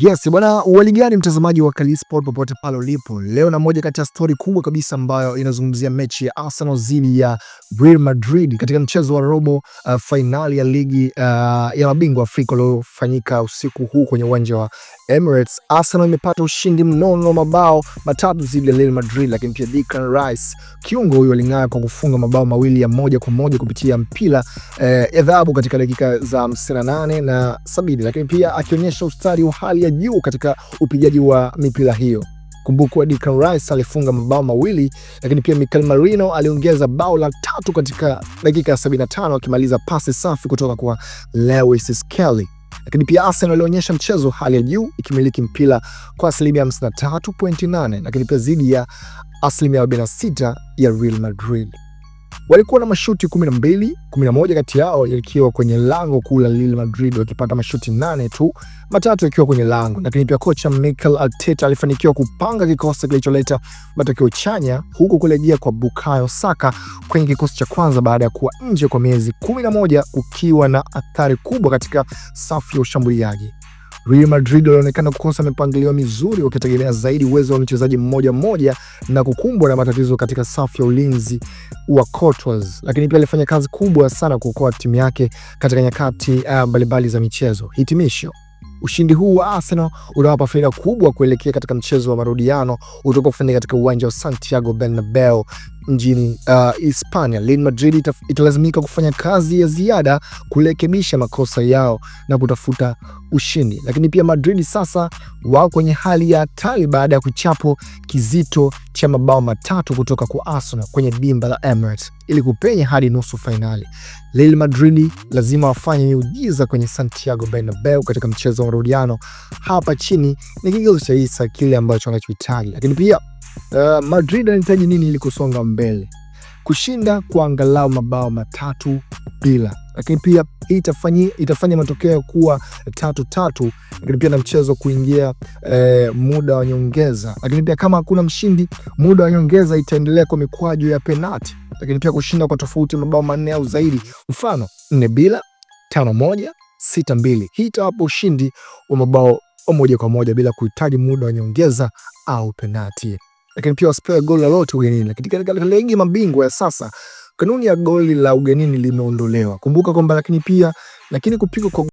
Yes, bwana gani mtazamaji wa Kali Sport popote pale ulipo. Leo na moja kati ya stori kubwa kabisa ambayo inazungumzia mechi ya Arsenal dhidi ya Real Madrid katika mchezo wa robo uh, fainali ya ligi uh, ya mabingwa Afrika uliofanyika usiku huu kwenye uwanja wa Emirates. Arsenal imepata ushindi mnono mabao matatu dhidi ya Real Madrid, lakini pia Declan Rice kiungo huyo aling'aa kwa kufunga mabao mawili ya moja kwa moja kupitia mpira uh, ya eh, dhahabu katika dakika za 58 na 70, lakini pia akionyesha ustadi wa hali juu katika upigaji wa mipira hiyo. Kumbukwa Declan Rice alifunga mabao mawili, lakini pia Mikel Merino aliongeza bao la tatu katika dakika ya 75 akimaliza pasi safi kutoka kwa Lewis Skelly. Lakini pia Arsenal alionyesha mchezo hali ya juu ikimiliki mpira kwa asilimia 53.8, lakini pia dhidi ya asilimia 46 ya Real Madrid. Walikuwa na mashuti 12, 11 kati yao yakiwa kwenye lango kuu la Real Madrid, wakipata mashuti nane tu, matatu yakiwa kwenye lango. Lakini pia kocha Mikel Arteta alifanikiwa kupanga kikosi kilicholeta matokeo chanya, huku kurejea kwa Bukayo Saka kwenye kikosi cha kwanza baada ya kuwa nje kwa miezi 11 kukiwa na athari kubwa katika safu ya ushambuliaji. Real Madrid walionekana kukosa mipangilio mizuri, wakitegemea zaidi uwezo wa mchezaji mmoja mmoja na kukumbwa na matatizo katika safu ya ulinzi wa Courtois, lakini pia alifanya kazi kubwa sana kuokoa timu yake katika nyakati eh, mbalimbali uh, za michezo. Hitimisho. Ushindi huu wa Arsenal unawapa faida kubwa kuelekea katika mchezo wa marudiano utakaofanyika katika uwanja wa Santiago Bernabeu nchini uh, Hispania. Uh, Real Madrid italazimika kufanya kazi ya ziada kurekebisha makosa yao na kutafuta ushindi, lakini pia Madrid sasa wao kwenye hali ya hatari baada ya kuchapo kizito cha mabao matatu kutoka kwa Arsenal kwenye dimba la Emirates ili kupenya hadi nusu fainali. Real Madrid lazima wafanye miujiza kwenye Santiago Bernabeu katika mchezo wa marudiano. Hapa chini ni kigezo cha Isa kile ambacho wanachohitaji, lakini pia Uh, Madrid anahitaji nini ili kusonga mbele? Kushinda kwa angalau mabao matatu bila, lakini pia itafanya, itafanya matokeo ya kuwa tatu tatu, lakini pia na mchezo kuingia eh, muda wa nyongeza. Lakini pia kama hakuna mshindi muda wa nyongeza, itaendelea kwa mikwaju ya penati. Lakini pia kushinda kwa tofauti mabao manne au zaidi, mfano nne bila, tano moja, sita mbili. Hii itawapa ushindi wa mabao moja kwa moja bila kuhitaji muda wa nyongeza au penati lakini pia wasipewe goli lolote ugenini. Lakini katika ligi mabingwa ya sasa kanuni ya goli la ugenini limeondolewa. Kumbuka kwamba lakini pia lakini kupigwa kwa